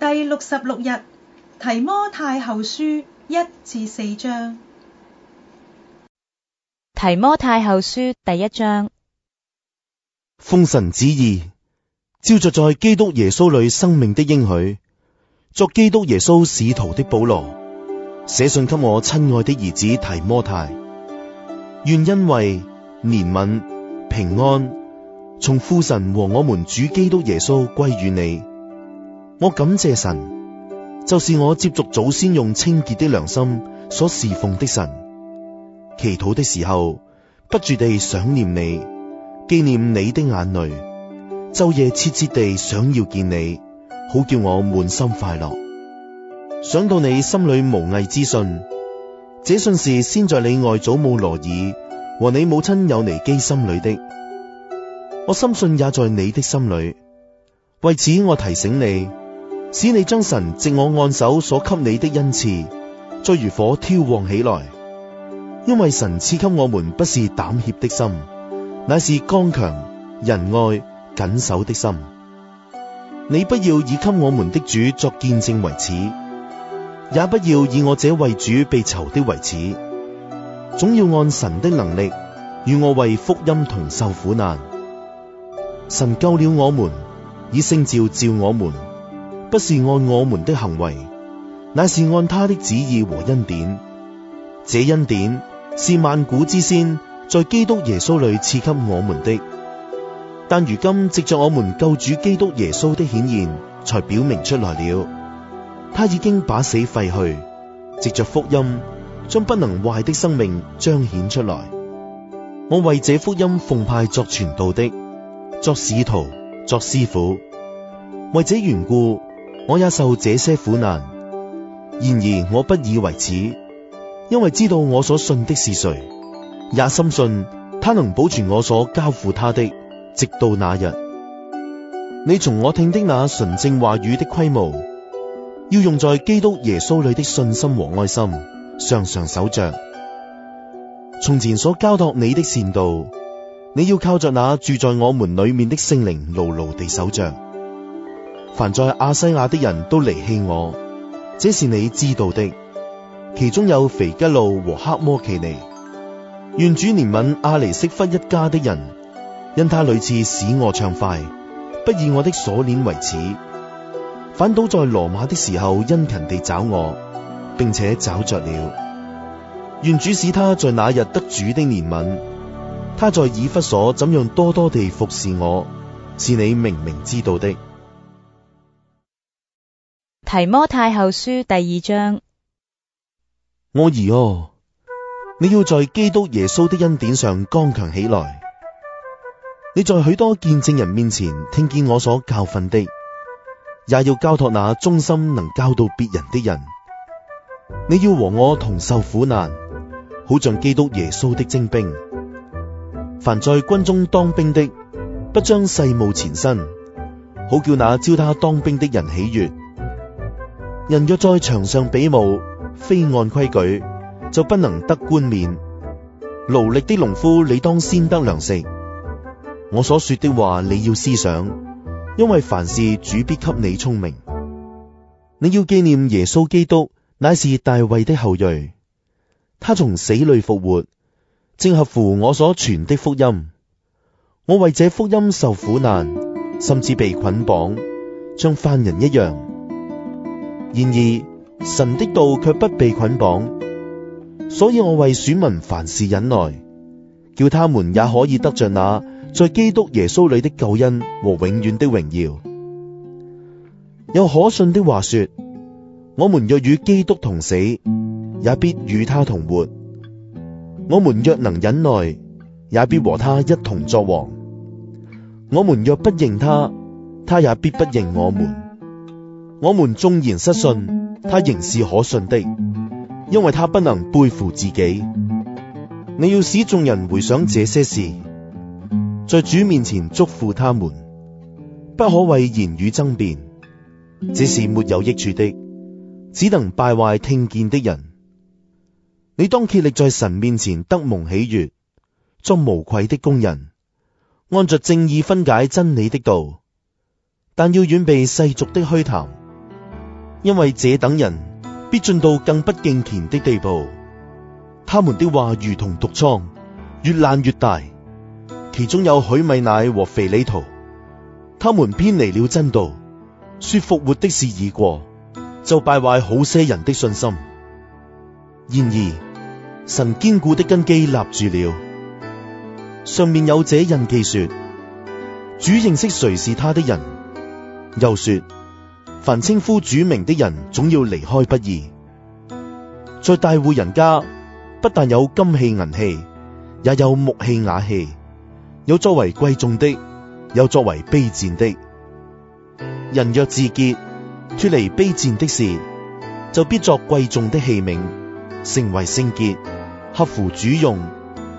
第六十六日，提摩太後書一至四章。提摩太後書第一章。封神旨意，朝著在基督耶穌裏生命的應許，作基督耶穌使徒的保羅，寫信給我親愛的兒子提摩太，願因為憐憫、平安，從父神和我們主基督耶穌歸於你。我感謝神，就是我接續祖先用清潔的良心所侍奉的神。祈禱的時候，不住地想念你，紀念你的眼淚，晝夜切切地想要見你，好叫我滿心快樂。想到你心裏無偽之信，這信是先在你外祖母羅以和你母親友尼基心裏的，我深信也在你的心裏。為此，我提醒你。使你將神藉我按手所給你的恩賜，再如火挑旺起來。因為神賜給我們不是膽怯的心，乃是剛強、仁愛、謹守的心。你不要以給我們的主作見證為恥，也不要以我這為主被囚的為恥，總要按神的能力，與我為福音同受苦難。神救了我們，以聖召召我們。不是按我們的行為，乃是按他的旨意和恩典。這恩典是萬古之先，在基督耶穌裏賜給我們的。但如今，藉着我們救主基督耶穌的顯現，才表明出來了。他已經把死廢去，藉着福音，將不能壞的生命彰顯出來。我為這福音奉派作傳道的，作使徒，作師傅，為這緣故。.我也受這些苦難，然而我不以為恥，因為知道我所信的是誰，也深信他能保存我所交付他的，直到那日。你從我聽的那純正話語的規模，要用在基督耶穌裏的信心和愛心，常常守着。從前所交託你的善道，你要靠着那住在我們裏面的聖靈，牢牢地守着。凡在亞西亞的人都離棄我，這是你知道的。其中有腓吉路和黑摩奇尼，願主憐憫亞尼色弗一家的人，因他屢次使我暢快，不以我的鎖鏈為恥，反倒在羅馬的時候殷勤地找我，並且找着了。願主使他在那日得主的憐憫。他在以弗所怎樣多多地服侍我，是你明明知道的。提摩太後書第二章：我兒哦，你要在基督耶穌的恩典上剛強起來。你在許多見證人面前聽見我所教訓的，也要交託那忠心能教導別人的人。你要和我同受苦難，好像基督耶穌的精兵。凡在軍中當兵的，不將世務纏身，好叫那招他當兵的人喜悦。人若在場上比武，非按規矩就不能得冠冕。勞力的農夫，你當先得糧食。我所說的話，你要思想，因為凡事主必給你聰明。你要紀念耶穌基督，乃是大衛的後裔，他從死裏復活，正合乎我所傳的福音。我為這福音受苦難，甚至被捆綁，像犯人一樣。然而，神的道卻不被捆綁，所以我為選民凡事忍耐，叫他們也可以得着那在基督耶穌裏的救恩和永遠的榮耀。有可信的話說：我們若與基督同死，也必與他同活；我們若能忍耐，也必和他一同作王。我們若不認他，他也必不認我們。我們縱然失信，他仍是可信的，因為他不能背負自己。你要使眾人回想這些事，在主面前囑咐他們，不可為言語爭辯，這是沒有益處的，只能敗壞聽見的人。你當竭力在神面前得蒙喜悅，作無愧的工人，按着正義分解真理的道，但要遠避世俗的虛談。因為這等人必進到更不敬虔的地步，他們的話如同毒瘡，越爛越大。其中有許米乃和腓利圖，他們偏離了真道，說復活的事已過，就敗壞好些人的信心。然而神堅固的根基立住了，上面有這印記說：主認識誰是他的人。又說。凡稱呼主名的人，總要離開不義。在大戶人家，不但有金器銀器，也有木器瓦器，有作為貴重的，有作為卑賤的。人若自潔，脫離卑賤的事，就必作貴重的器皿，成為聖潔，合乎主用，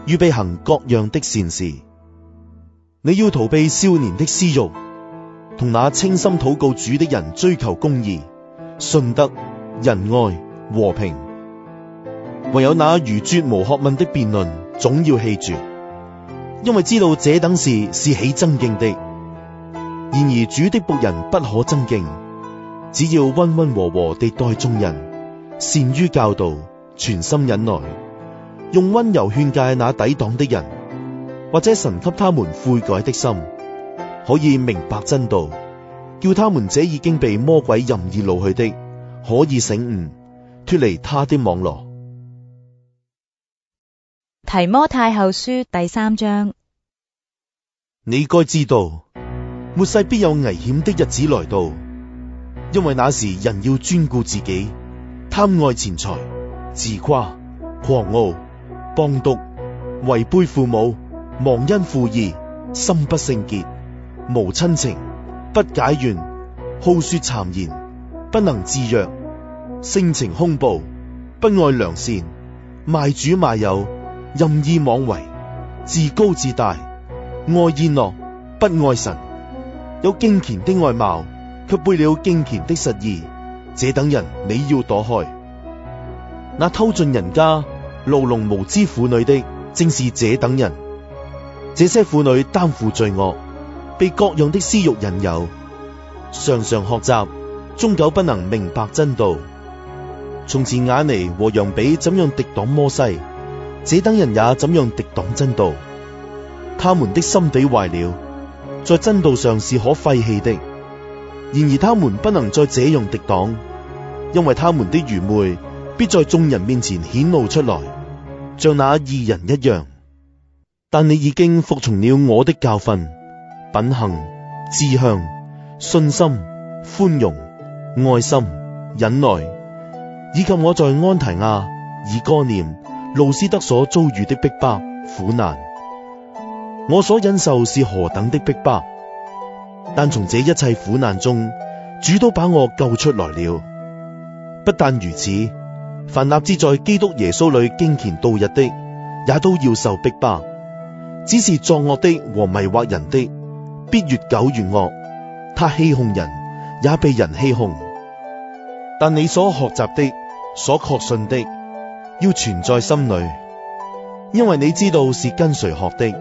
預備行各樣的善事。你要逃避少年的私欲。同那清心禱告主的人追求公義、信德、仁愛、和平，唯有那如絕無學問的辯論，總要棄絕，因為知道這等事是起爭競的。然而主的僕人不可爭競，只要溫溫和和和地待眾人，善於教導，全心忍耐，用溫柔勸戒那抵擋的人，或者神給他們悔改的心。可以明白真道，叫他們這已經被魔鬼任意擄去的，可以醒悟，脫離他的網羅。提摩太後書第三章。你該知道，末世必有危險的日子來到，因為那時人要專顧自己，貪愛錢財，自誇、狂傲、謗讟、違背父母、忘恩負義、心不聖潔。無親情，不解怨，好說讒言，不能自若，性情凶暴，不愛良善，賣主賣友，任意妄為，自高自大，愛宴樂，不愛神。有敬虔的外貌，卻背了敬虔的實意。這等人你要躲開。那偷盡人家、牢籠無知婦女的，正是這等人。這些婦女擔負罪惡。被各樣的私欲引誘，常常學習，終究不能明白真道。從前雅尼和揚比怎樣敵擋摩西，這等人也怎樣敵擋真道。他們的心地壞了，在真道上是可廢棄的。然而他們不能再這樣敵擋，因為他們的愚昧必在眾人面前顯露出來，像那二人一樣。但你已經服從了我的教訓。品行、志向、信心、寬容、愛心、忍耐，以及我在安提阿、以哥念、路司得所遭遇的逼迫苦難，我所忍受是何等的逼迫！但從這一切苦難中，主都把我救出來了。不但如此，凡立志在基督耶穌裏敬虔度日的，也都要受逼迫。只是作惡的和迷惑人的。必越久越惡，他欺哄人，也被人欺哄。但你所學習的、所確信的，要存在心裏，因為你知道是跟誰學的，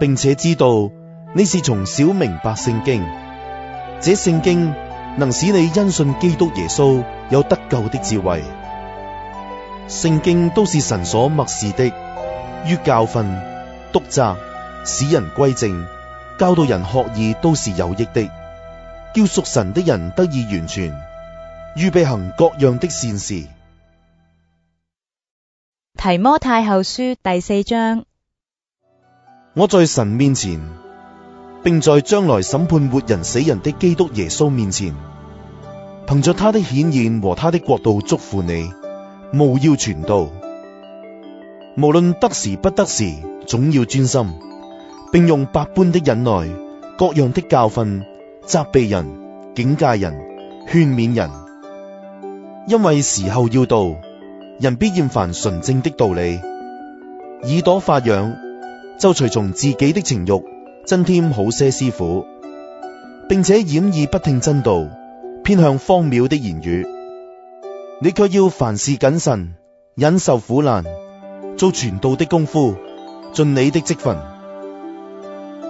並且知道你是從小明白聖經。這聖經能使你因信基督耶穌有得救的智慧。聖經都是神所默示的，於教訓、督責，使人歸正。教導人學義都是有益的，叫屬神的人得以完全，預備行各樣的善事。提摩太後書第四章。我在神面前，並在將來審判活人死人的基督耶穌面前，憑着他的顯現和他的國度祝福你，務要傳道，無論得時不得時，總要專心。並用百般的忍耐、各樣的教訓、責備人、警戒人、勸勉人，因為時候要到，人必厭煩純正的道理，耳朵發癢，就隨從自己的情欲，增添好些師傅，並且掩耳不聽真道，偏向荒謬的言語。你卻要凡事謹慎，忍受苦難，做傳道的功夫，盡你的職分。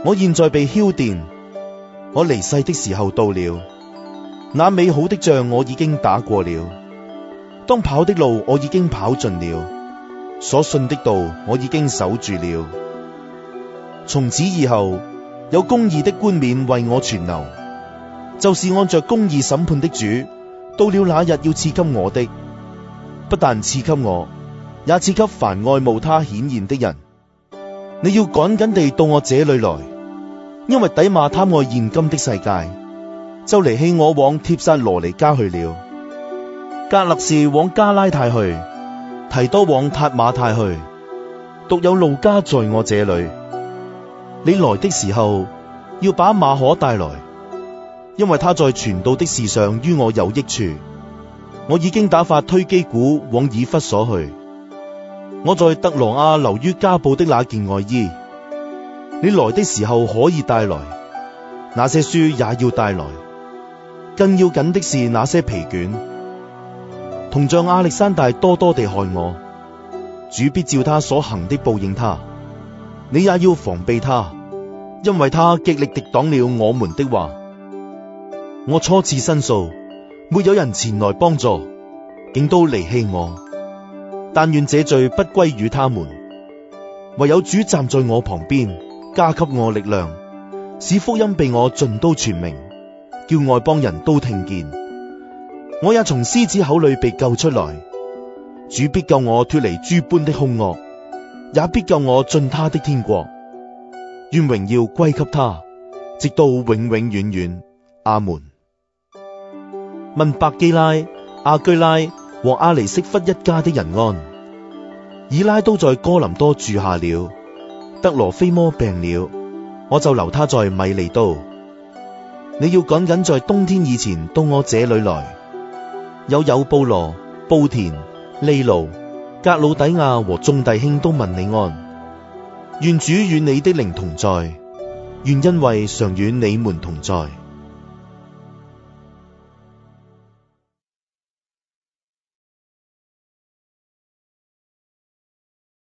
我現在被澆奠，我離世的時候到了。那美好的仗我已經打過了，當跑的路我已經跑盡了，所信的道我已經守住了。從此以後，有公義的冠冕為我存留，就是按着公義審判的主，到了那日要賜給我的，不但賜給我，也賜給凡愛慕他顯現的人。你要趕緊地到我這裏來，因為底馬貪愛現今的世界，就離棄我往帖撒羅尼迦去了，格勒士往加拉太去，提多往塔馬太去，獨有路加在我這裏。你來的時候要把馬可帶來，因為他在傳道的事上於我有益處。我已經打發推基古往以弗所去。我在特羅亞留於加布的那件外衣，你來的時候可以帶來；那些書也要帶來，更要緊的是那些皮卷，同像亞歷山大多多地害我，主必照他所行的報應他。你也要防備他，因為他極力敵擋了我們的話。我初次申訴，沒有人前來幫助，竟都離棄我。但願這罪不歸於他們，唯有主站在我旁邊，加給我力量，使福音被我盡都傳明，叫外邦人都聽見。我也從獅子口裏被救出來，主必救我脫離諸般的兇惡，也必救我進他的天國。願榮耀歸給他，直到永永遠遠，遠。阿門。問百基拉、亞居拉。和阿尼色弗一家的人安，以拉都在哥林多住下了。德羅非摩病了，我就留他在米利都。你要趕緊在冬天以前到我這裏來。有友布羅、布田、利路、格魯底亞和眾弟兄都問你安。願主與你的靈同在，願恩惠常與你們同在。